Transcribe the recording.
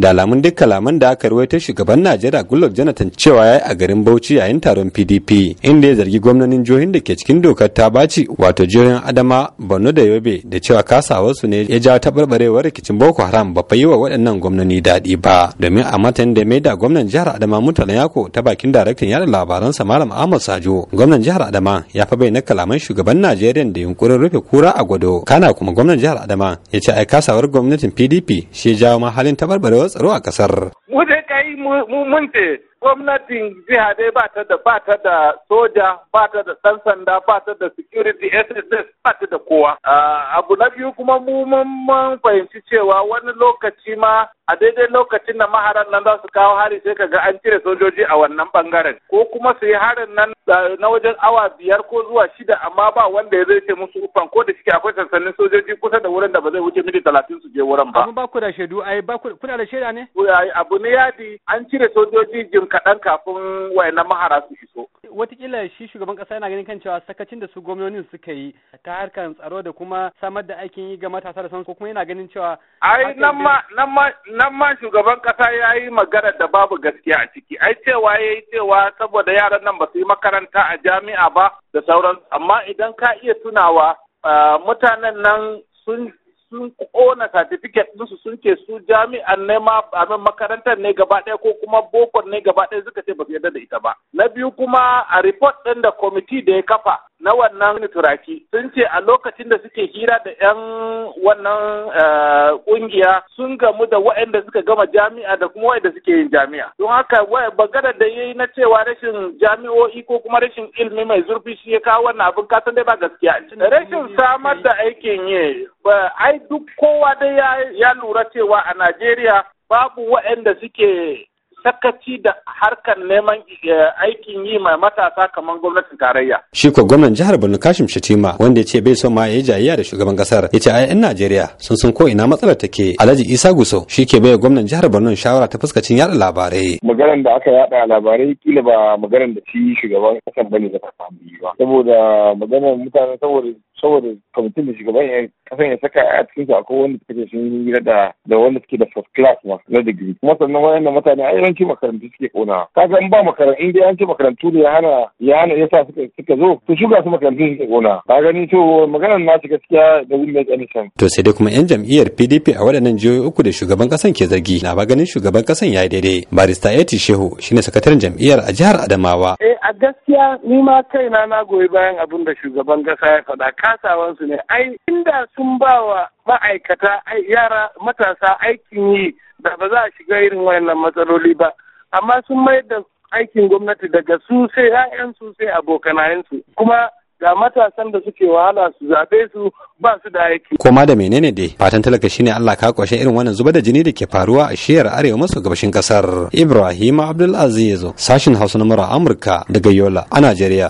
da alamun duk kalaman da aka ruwaita shugaban najeriya goodluck jonathan cewa ya yi a garin bauchi yayin taron pdp inda ya zargi gwamnonin jihohin da ke cikin dokar ta baci wato jihohin adama borno da yobe da cewa kasawarsu ne ya jawo taɓarɓarewar rikicin boko haram ba fa yi wa waɗannan gwamnoni daɗi ba domin a matan da mai da gwamnan jihar adama murtala yako ta bakin daraktan yada labaransa malam ahmad sajo gwamnan jihar adama ya fa bayyana kalaman shugaban najeriya da yunkurin rufe kura a gwado kana kuma gwamnan jihar adama ya ce ai kasawar gwamnatin pdp shi ya jawo ma halin taɓarɓarewar tsaro a kasar. Mu dai kai mun gwamnatin jiha dai ba ta da ba ta da soja ba ta da ɗan sanda ba ta da security SSS ba ta da kowa. Ah, abu na biyu kuma mu mun fahimci cewa wani lokaci ma a daidai lokacin da maharan nan za su kawo hari sai ka ga an cire sojoji a wannan bangaren ko kuma su yi harin nan na wajen awa biyar ko zuwa shida amma ba wanda ya zai ce musu ufan ko da shike akwai sansanin sojoji kusa da wurin da ba zai wuce miti talatin su je wurin ba. Amma ba ku da shaidu ai ba ku kuna da shaida ne? Abu ne yadi an cire sojoji jim kaɗan kafin wayannan mahara su iso. watakila shi shugaban kasa yana ganin kan cewa sakacin da su gwamnonin suka yi ta harkar tsaro da kuma samar da aikin yi ga matasa da ko kuma yana ganin cewa ai nan ma shugaban kasa ya yi magana da babu gaskiya a ciki ai cewa ya yi cewa saboda yaran nan ba su yi makaranta a jami'a ba da sauran amma idan ka iya tunawa ah, mutanen nan sun sun kona certificate ɗinsu sun ce su jami'an ne ma abin makarantar ne gaba ɗaya ko kuma bokon ne gaba ɗaya suka ce ba su yarda da ita ba. Na biyu kuma a report ɗin da kwamiti da ya kafa na wannan turaki sun ce a lokacin da suke hira da 'yan wannan kungiya eh, sun gamu da waɗanda suka gama jami'a da kuma waɗanda suke yin jami'a don haka bagada da ya yi na cewa rashin jami'o'i ko kuma rashin ilimi mai zurfi shi ya kawo wannan abin kasan dai ba gaskiya rashin samar da aikin yi ai duk kowa dai ya lura cewa a Najeriya babu waɗanda suke sakaci da harkar neman eh, aikin yi mai matasa kamar gwamnatin tarayya. Shi ko gwamnan jihar Borno Kashim Shatima wanda ya ce bai son ma ya yi jayayya da shugaban kasar ya ce a yan Najeriya sun san ko ina matsalar take Alhaji Isa Guso shi ke bai gwamnan jihar Borno shawara ta fuskacin yada labarai. Maganar da aka yada labarai kila ba maganar da shi shugaban kasar bane da ta samu yi ba saboda maganar mutane saboda saboda kwamitin da shugaban ya kasan ya saka a cikin su akwai wanda suke sun yi da da wanda suke da first class ma na digiri kuma sannan wayannan mutane a yawanci makarantu suke kona kaga in ba makarantu in dai makarantu ne ya hana ya hana yasa suka suka zo to shuga su makarantu suke kona ka gani to maganar na gaskiya da win mai tsanisan to sai dai kuma yan jam'iyyar PDP a waɗannan jihohi uku da shugaban kasan ke zargi na ba ganin shugaban kasan yi daidai barista Eti Shehu shine sakataren jam'iyyar a jihar Adamawa eh a gaskiya ni ma kaina na goyi bayan abin da shugaban kasa ya faɗa kasawansu ne ai inda sun ba wa ma'aikata yara matasa aikin yi da ba za a shiga irin wayannan matsaloli ba amma sun mayar da aikin gwamnati daga su sai 'ya'yansu sai abokanayensu kuma ga matasan da suke wahala su zaɓe su ba su da aiki. Koma da menene dai fatan talaka shine Allah ka kwashe irin wannan zuba da jini da ke faruwa a shiyar arewa maso gabashin kasar. Ibrahim Abdulaziz sashin Hausa na Amurka daga Yola a Najeriya.